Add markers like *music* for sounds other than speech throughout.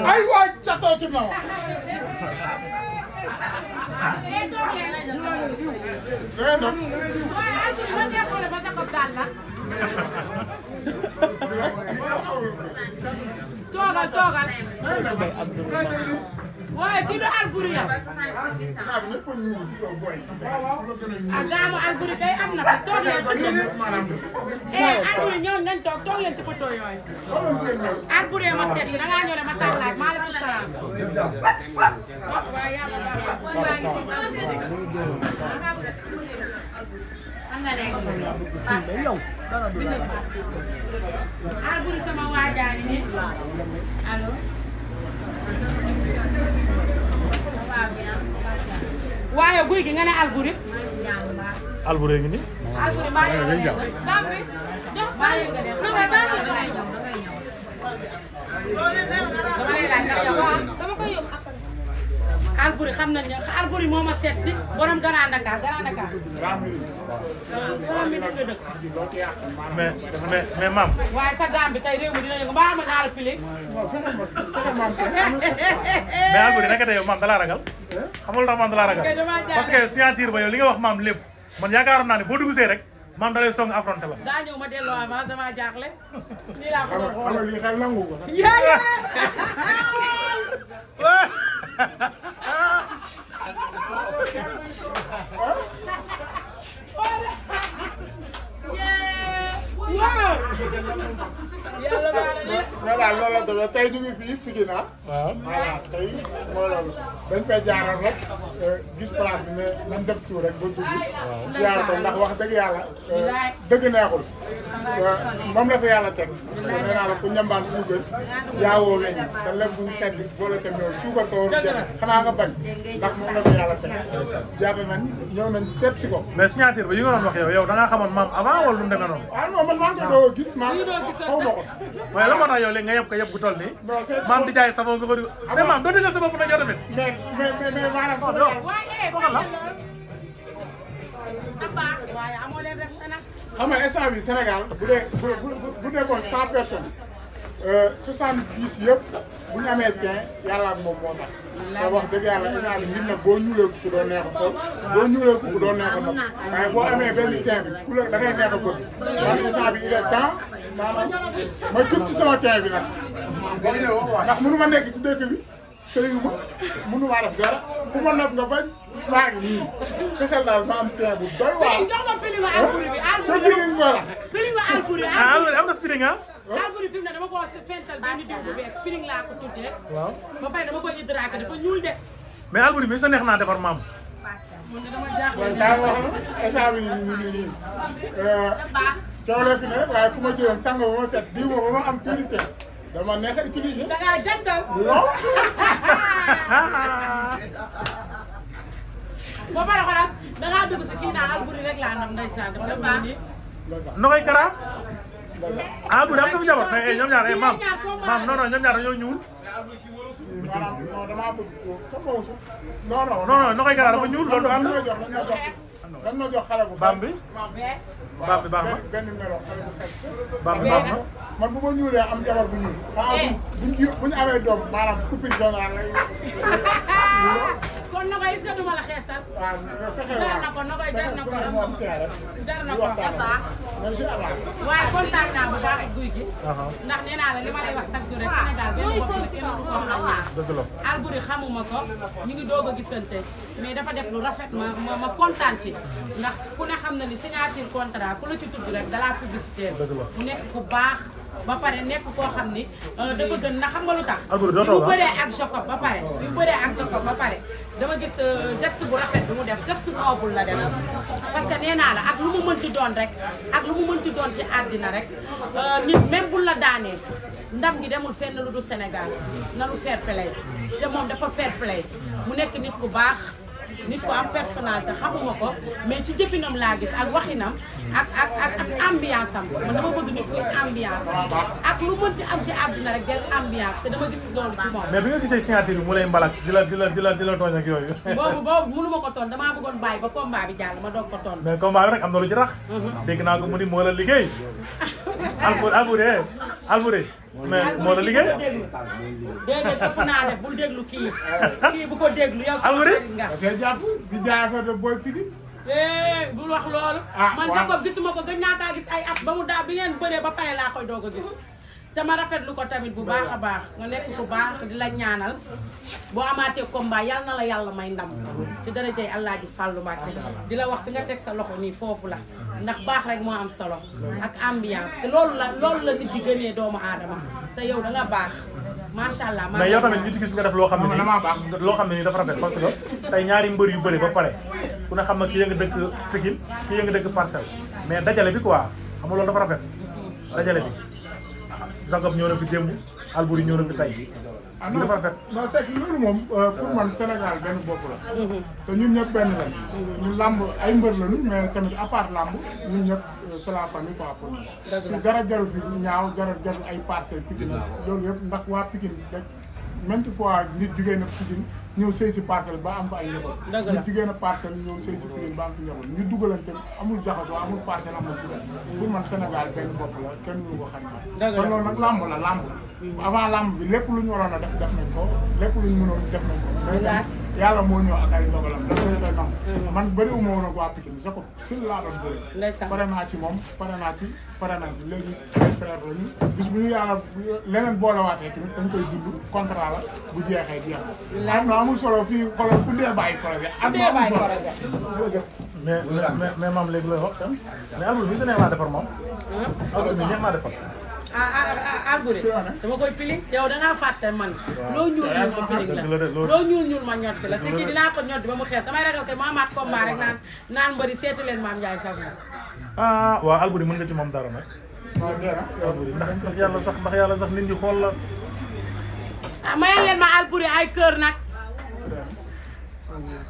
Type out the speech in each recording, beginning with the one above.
ay waay catoo ci mawa mais nag toogal toogal waaye kii du Alboury yow. ah gaamu Alboury day am na fa toog leen ci kër. eh Alboury ñëw ngeen toog toog leen ci poto yooyu. Alboury ma seet si da ngaa ñëw ne ma tàllaay maaleykum salaam. waaye yàlla baax na. Alboury sama waajaani ni allo. waaye guy gi nga ne Alboury. Alboury ngi nii. Alboury jox maa ngi lay Albouri xam nañu ne Albouri moo ma seet si borom Grand Dakar Grand Dakar. waaw borom mi dëgg dëgg. mais mais mais maam. waaye sa gaam bi tey réew mi dina ne ko mbaa ma naa la file. mais Albouri naka tey yow maam dalaa ragal. xam nga lu tax maam dalaa ragal. parce que signature ba yow li nga wax maam lépp man yaakaaroon naa ne boo dugusee rek. man dalay song affronté la. daa ñëw ma delloo avance dama jaaxle. nii laa ko doon xool xam nga lii xel nangu ko. *laughs* *laughs* *laughs* voilà loolu la demee tey ñu ngi fii fii na. Ah. waaw tey moo loolu dañ koy jaaral rek. gis place bi ne nañ def tuur rek ba dugg. Ah, waaw siyaar ko ndax wax dëgg yàlla. Euh, dëgg neexul. Euh, moom la fa yàlla teg. nee naa la ku ñambaan suukar yaawoo weñ te lépp bu sedd boole te ñëw suukar ko woon xanaa nga bañ ndax moom la fa yàlla teg. jàpp nañ ñëw nañ seet si ko. mais signature bi yi nga doon wax yow yow da ngaa xamoon maam avant wala lu mu demee noonu. ah non man maa gis maam xaw ma ko. waaye la moo tax yow léegi nga yeb ko yeb gu toll nii. maam di jaay savon nga ko di. Ah, mais maam doo dëggal sa bopp na yow tamit. mais xam nga instant bi Sénégal bu dee bu bu nekkoon cent personnes euh, soixante dix yëpp bu ñu amee bien yàlla ak moom moo tax. te wax dëgg yàlla instant bi nit nag boo ñuulee ku doon neex a toog boo ñuulee ku doon neex a nopp waaye boo amee benn teint bi ku la da neex a bëgg ndax instant bi il est temps maanaam ma jub ci sama teint bi nag. ndax mënu ma nekk ci dëkk bi. sëyu ma mënu maa def dara ku ma nopp nga bañ maa ngi nii xasal daal ma am tey bu doy waar. jox ma filim ah? alburi bi alburi bi nga ah, am na filim ah. ah? alburi fi mu ne dama ko fental benn diw bu bees filim laa ko tuddee. waaw ba pare dama ko hydraté dafa ñuul de. mais alburi bi sa neex naa defar maam. man dama jaaxle. daa wax état bi nii eh, coow la fi ne waaye ku ma jëloon sang ba ma set diw ma ba ma am purité. dama neex a utiliser. da ngaa jantal. non. *laughs* ba pare xoolal da ngaa dugg si kii naa Alboury rek Kara. Alboury am eh, eh, eh, na Kara dafa ñuul loolu am Bambi. Bambi Bambi baax man bu ma ñuulee am jabar bu ñuul. xaaral eh. buñ amee doom maanaam coupure générale lay. *laughs* kon nogay est-ce que du ma la xeesal. waaw fexe jar na ko nogay jar na ko. jar na ko bu baax. waaw kontaan naa bu baax. expliqué. ndax nee naa la li ma lay wax chaque jour rek Sénégal benn bopp la kenn du ko xam xamuma ko ñu ngi doog a gisante mais dafa def lu rafet ma ma ma kontaan ci. ndax ku ne xam na ni signature contrat ku la ci tudd rek dalaa publicité la. mu nekk ku baax. ba pare nekk koo xam ni euh, dafa gën na xam nga lu tax. Alboury dootoo bu ah. bëree ak Jacob ba pare. bu bëree ak Jacob ba pare. dama gis euh, geste bu rafet bu mu def geste noble la def parce que nee naa la ak lu mu mënti doon rek ak lu mu mënti doon ci àddina rek euh, nit même la daanee ndam gi demul fenn lu du Sénégal nanu fair play te moom dafa fair play mu nekk nit ku baax nit ko am personnalité xamuma ko mais ci jëfinam laa gis ak waxinam ak ak ak ak ambiance am man dama bëgg nit kuy ambiance ak lu mënti am ci àdduna rek del ambiance te dama gis loolu ci moom mais bi nga gisee signature bi mu lay mbalak di la di la di la di yooyu boobu boobu mënu ma ko toon damaa bëggoon bàyyi ba combat bi jàll ma doog ko toon mais combat bi rek am na lu ci rax mhm. naa ko mu ni moo la liggéey albu albu de albu de mais moo la liggéey déedéet topp naa def bul déglu kii *laughs* kii bu ko déglu yow sama sëriñ nga te jàpp di jaay affaire de booy fini eh, bul wax loolu ah, man sax ko gisuma ko gën naa gis ay at ba mu daa bi ngeen bëree ba pare laa koy doog a gis te ma rafet rafetlu ko tamit bu baax a baax nga nekk ku baax di la ñaanal boo amaatee combat yal na la yàlla may ndam ci darajay allah ji fàllu Mbàkke di la wax fi nga teg sa loxo nii foofu la ndax baax rek moo am solo ak ambiance te loolu la loolu la nit di gënee doomu aadama te yow da nga baax macha allah mais yow tamit ñu ci gis nga def loo xam ne nii loo xam ne nii dafa rafet parce que ñaari mbër yu bëri ba pare ku ne xam na ki ya nga dëkk Pikine ki nga dëkk Parcelles mais dajale bi quoi xam nga dafa rafet dajale bi Zagob ñëw na fi démb Albouri ñëw na fi tey. ah non non c'est que loolu moom euh, pour man Sénégal benn bopp la. Mhm. te ñun ñëpp benn lañ. ñu làmb ay mbër lañu mais tamit à làmb ñun ñëpp euh, c'est la famille quoi pour ñun. dëgg la dara jarul fi ñaaw dara jarul ay parcelles Pikine loolu yëpp ndax waa Pikine rek maintes nit jugee na ñëw sëy si parcelle ba am fa ay njaboot. ñu jigéen a parcelle ñëw sëy si Pikine ba am fi njaboot ñu dugalante amul jaxasoo amul parcelle amul dugal. pour man Sénégal benn bopp la kenn mënu ko xam. dëgg la kon nag làmb la làmb la. avant làmb bi lépp lu ñu waroon a def def nañ ko lépp lu ñu mënoon def nañ ko. yàlla moo ñëw ak ay dogalam da koy koy nangu man bëriwuma woon ak waa Pikine sa ko si laa doon bëri pare naa ci moom pare naa ci pare naa ci léegi ay frère lañu bis bu ñu yàlla leneen boolewaatee tamit dañ koy dund contrat la bu jeexee jeex na am na amul solo fii xoolal ku dee bàyyi projet am na amul solo mais mais mais maam léegi looy wax mais amul bi su neex laa defar moom amul bi neex laa defar ah Alboury dama koy pili yow dangaa fàtte man loo ñuul ma pili la loo ñuul ñuul ma ñotti la te ko ñotti ba mu xeex damay ragal kay ma amaat combat rek naan naan mbëri seeti maam Ndiaye sax ah waaw Alboury mën nga ci moom dara ma waaw Alboury sax ndax yàlla sax la ah mayal leen ma Alboury ay kër nag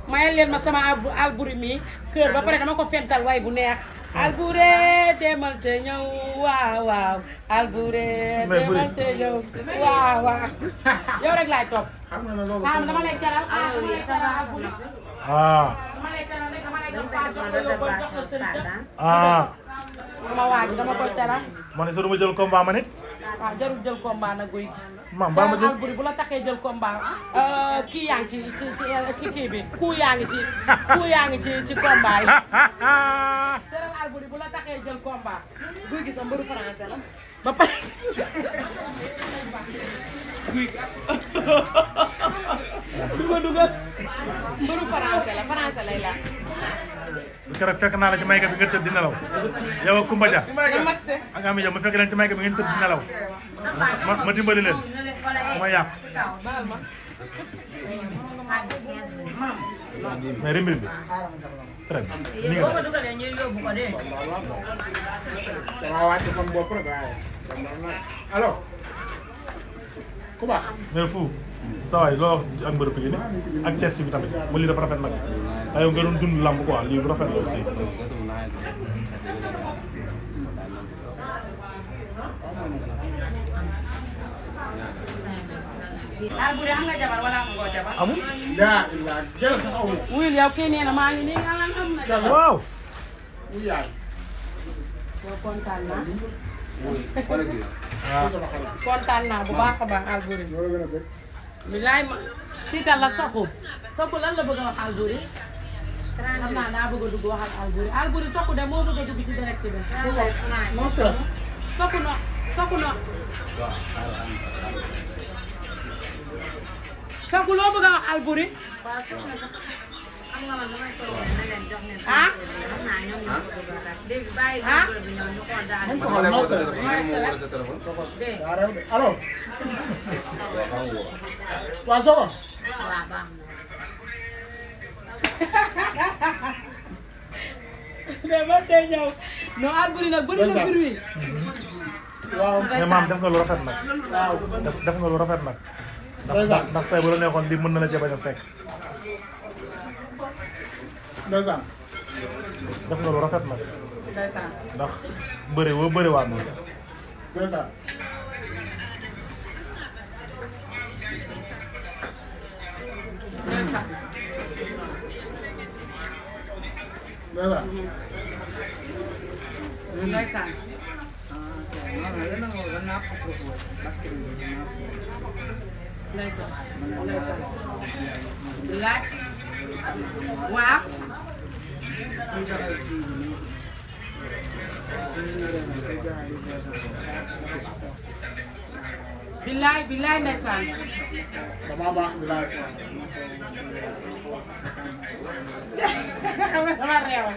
mayal leen ma sama Alboury mii kër ba pare dama ko fental way bu neex alburé demal te ñëw waaw waaw alburé demal te ñëw waaw waaw yow rek laay topp. xam nga loolu dama lay jaral ah dama lay jaral alburé. Ah. ah dama lay jaral rek dama lay jox paa jox ko yow ba jox ko sëriñ ah sama waa ji dama koy jaral. ma ne sax dama jël combat ma ne. waaw ah, jarul jël combat nag guy gi. bu la taxee jël combat euh, kii yaa ngi ci ci kii bi ku yaa ngi ci ku yaa ngi ci ci bu la taxee jël combat. guy gi sa mbëru français la. ba pare. guy gi. du ko dugal. mbëru français la français lay keroog fekk naa la ci mayka bi nga tëdd di nelaw yow ak Kumba Dia ak Ami Dia ma fekk leen ci mayka bi ngeen tëdd di nelaw ma ma dimbali leen ma yàq mais rimbir bi très bien ni nga def alors ku baax mais fou saa waay loo wax ak mbërëb yi ak seet si bi tamit mu lii dafa rafet nag ayoo ah, nga doon dund làmb quoi lii bu rafet la aussi. ah bu dee am nga jabar wala am nga jabar. amul. yaa yaa jël sax amul. wuyul yow kii nee na maa ngi nii nga lan am na. jabar waaw. wuy yaay. waaw kontaan naa. wuy *laughs* kontaan naa bu baax a baax Alboury. bilaay ma kii kan la Sokku Sokku lan la bëgg a wax Alboury. xam naa daa bëgg a dugg waxal Alboury Alboury Sokku de moo bëgg a dugg ci direct bi. moo soog Sokku no Sokku no. Sokku loo bëgg a wax Alboury. ah. ah. allo. waaw Sokone. mais man tey ñëw non Alboury nag bëri na mbir wi. waaw mais maam def nga lu rafet nag. waaw def nga lu rafet nag. ndax ndax tey bu la neexoon mën na la ca bañ ndeysaan def nga lu rafet nag. ndeysaan ndax bëri woo bëri waat na. ndeysaan. ndeysaan. ndeysaan. ndeysaan. ndeysaan. laaj waaw. billaay billaay ndeysaan dama baax billaay dama réew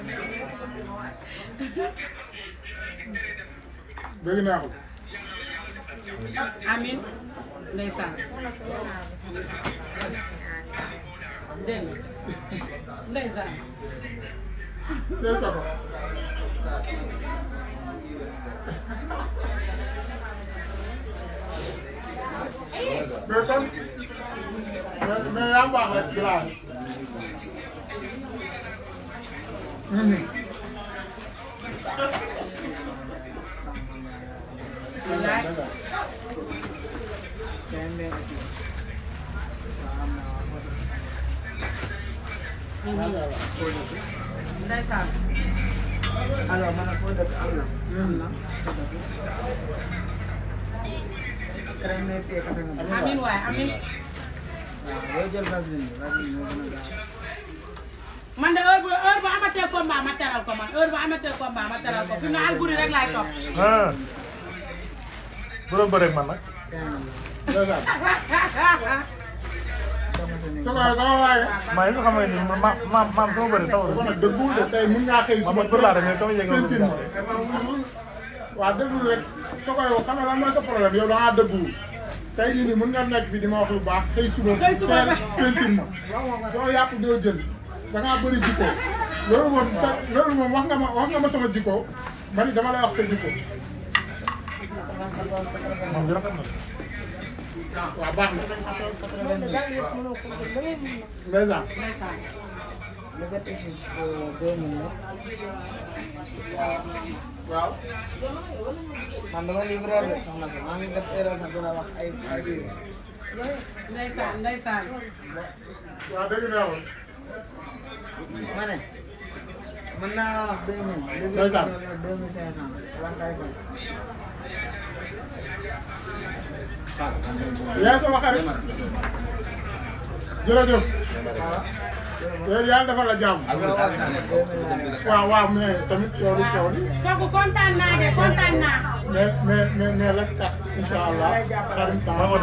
bëgg naa ko amin ndeysaan dégg ndeysaan C'est ça. mais comme mais mais yaa baax rek ci laaj. Thank you. ndeysaan alors ma ne ko dëkk am na. am na ko dëkk. très bien fii kese nga. amiin waay amiin. waaw boo jël vaseline bi vaseline moo gën a gaaw. man de heure bu heure bu amatee combat ma teral ko man heure bu amatee combat ma teral ko fi na Alboury rek laay topp. ah. bu doon bëreeg man nag. *laughs* maa ngi xam ne ma ma ma sama bëri sama bëri. ma ma tur laa demee comme yéen a ngi waaw dëggul rek soo koy wax da ngaa dëggul nii mën nga nekk fi di ma wax lu baax xëy suba. xëy suba teel peinture ma. doo yàpp doo jël da ngaa bëri jikko loolu moom sa loolu moom wax nga ma sama jikko ma dama lay wax sa jikko. deux ans. Liberté 6 deux mille waaw. man dama livreur rek soxna si maa ngi def erreur sax dina wax ay ay. ndeysaan ndeysaan. waaw dégg naa woon. ma ne. mën naa wax deux mille. deux mille cinq cent. yaa ko waxee rek jërëjëf waaw yàlla defal la jàmm. waaw waaw mais tamit loolu xew li. kooku kontaan naa de kontaan naa. mais mais mais mais la kat incha allah xarim temps ma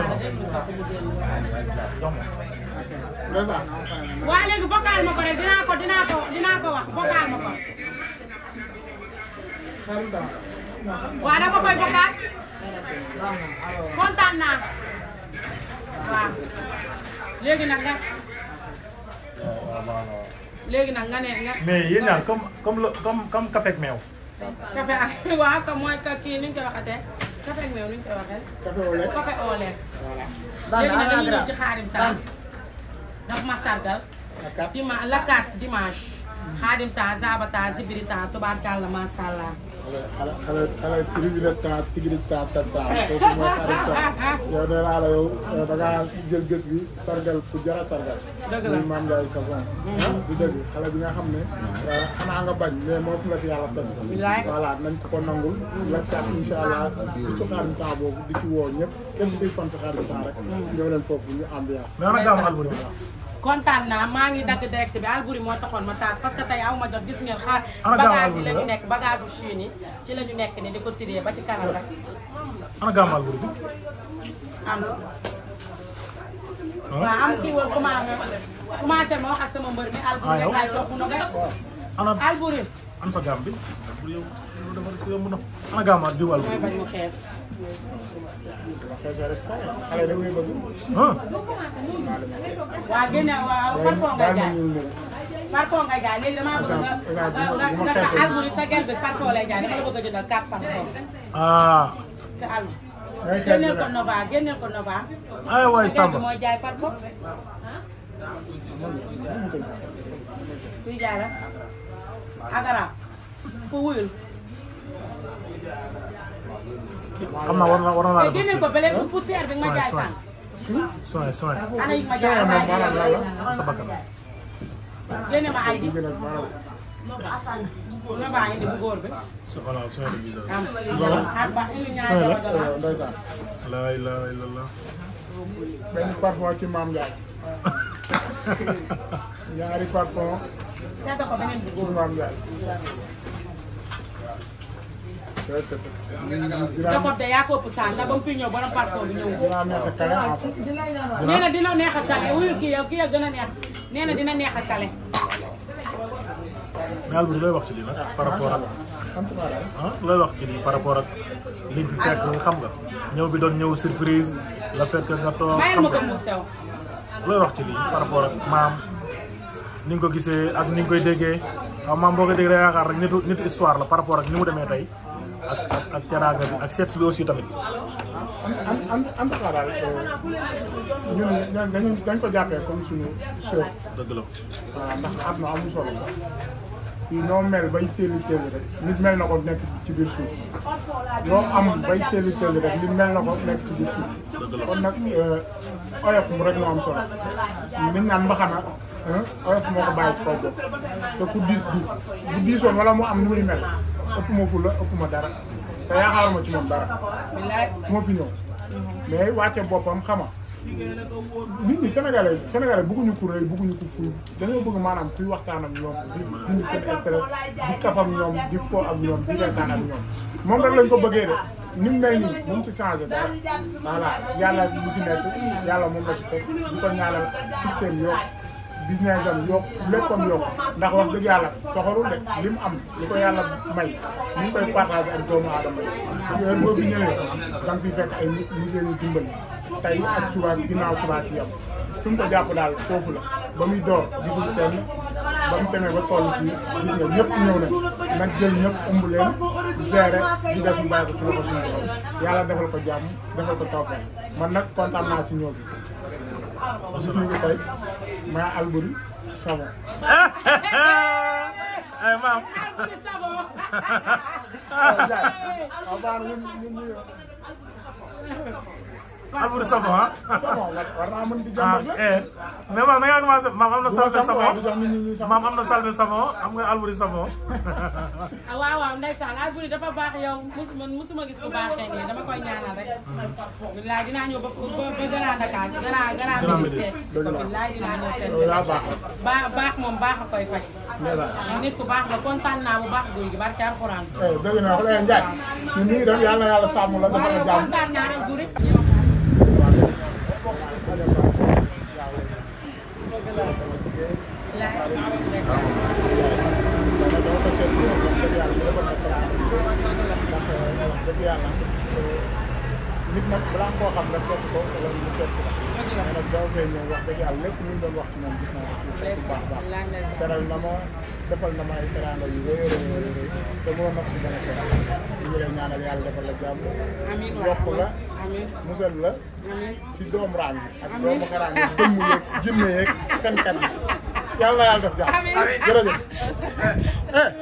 dama. waaw léegi vocal ma ko rek dinaa ko dinaa ko dinaa ko wax vocal ma ko. xarim temps. waaw dama koy vocal. kontaan naa waaw léegi nag nga. léegi nag nga ne nga. mais yéen ñaar comme comme comme comme café ak meew. café ak *laughs* waaw comme mooy kii ni ñu koy waxatee. café ak meew ni ñu koy waxee. café au lait café au lait. léegi nag dañuy ñëw ci xaarim tam. daf ma sargal. la 4 dimanche xaadim taa a taa zibiri taa tubaarkàlla macha allah. xale xale xale tribunal taa tigri taa taa taa kooku mooy xaadim taa yow nee la yow da ngaa jël gët bi sargal ku jara sargal. dëgg la muy maam nga xam ne. Euh, xanaa nga bañ mais moom la fi yàlla tënk. voilà nañ ko nangul. la kat incha allah su xaadim taa boobu di ci woo ñëpp kenn kuy fan si xaadim taa rek. ñëw leen foofu ñu ambiance. kontaan naa maa ngi dagg direct bi Albouri moo taxoon ma taas parce que tey aw ma jot gis ngeen xaar. bagage yi la ñu nekk bagage su ci la ñu nekk ni di ko tiré ba ci kanam rek. am waaw am kii woon commencé commencé ma wax ak sama mbër mi. Albouri rek ah, laay topp ndox rek. ana Albouri. am sa gàmm bi. Albouri yow yow dafa yomb ndox. ana gàmmu Albouri. mooy bañ xees. waaw génne waaw parfum ngay jaay parfum ngay jaay léegi damaa bëgg nga nga nga almuri sa gel bi parfum lay jaay dama la bëgg a jëndal quatre parfum. ah. te alma. génneel ko Nova génneel ko Nova. ay waay Samba mooy jaay parfum. kuy jaay la. agara fu wuyul. xam naa war na war naa la soin soin soin sa bakkan soxla soin de visage soin la la ilaha illallah benn parfum ci maam Ndiaye *laughs* ñaari parfum pour maam Ndiaye sa bopp de a kale nee na looy wax ci lii nag par rapport ak ah looy wax ci lii par rapport ak liñ xam nga ñëw bi doon ñëw surprise la fekk nga toog looy wax ci lii par rapport ak maam ni nga ko gisee ak ni nga koy déggee waaw maam boo ko déggee yaakaar rek nitu nitu histoire la par rapport ak ni mu demee tey. ak ak ak teraanga bi ak seet si aussi tamit. am am am na daal euh, ñun dañu dañ ko jàppee comme suñu sœur. dëgg la waaw ndax am na amul noo mel bay teel a rek nit mel na ko nekk ci biir suuf loo am bay teel a rek nit mel na ko nekk ci biir suuf. kon nag euh, oyof mu rek moo am solo. nit naan mbaxana oyof moo ko bàyyi ci kaw ku diis du diisoon wala mu am ni muy mel. ëpp ma fulla ëpp ma dara te yaakaaruma ci moom dara moo fi ñëw mais wàcce boppam xama nit ñi sénégalais sénégalais bëgguñu ku rëy bëgguñu ku fuy dañoo bëgg maanaam kuy waxtaan ak ñoom di dindi seen stress di kafam ñoom di fo ak ñoom di reetaan ak ñoom moom rek lañ ko bëggee de ni mu mel nii moom ci changé dara voilà yàlla li ci nekk yàlla moom la ci teg di ko ñaanal succès yokk business am yokk léppam yokk ndax wax dëgg yàlla soxorul de li am li ko yàlla may ni ñu koy partagé ak doomu aadama yi. heure boo fi ñëwee da fi fekk ay nit ñu leen dimbali tey ak suba ginnaaw suba ci yam su mu ko jàpp daal foofu la ba muy door gisul kenn ba mu demee ba toll fii gis nga ñëpp ñëw nañ nag jël ñëpp ëmb leen gérer di def ñu bàyyi ko ci loxo yàlla defal ko jàmm defal ko tawfeex man nag kontaan naa ci ñëw bi gis ñu ngi tey maa alburi savon ay *laughs* eh, maam alburi savon *laughs* oh, Alboury Savon ah. war naa mën di jàmbat mais man da ngaa commencé maam am na salbe savon maam am na am nga Alboury Savon. *laughs* ah waaw waaw ndeysaan Alboury dafa baax yow mosuma gis ku baaxee nii dama koy baax moom baax a koy faj. Ah, nit baax la kontaan naa bu baax guy gi barke Alxuraan. Eh, nag balaa koo xam nga seet ko wala mu seet si la. dëgg la nag boo fee ñëw wax dëgg yàlla lépp lu ñu doon wax ci moom gis naa ko ci bu baax baax. teral na ma defal na ma ay teraanga yu rëy rëy rëy te mënoon na ko ci gën a teral ñu ngi lay ñaanal yàlla defal la jàmm. amiin yokk la. amiin musal la. amiin si doom raan yi. ak doomu xaraan yi jëmm yeeg jëmm yeeg seen kan yi yàlla yàlla def jàmm. amiin jërëjëf. Eh.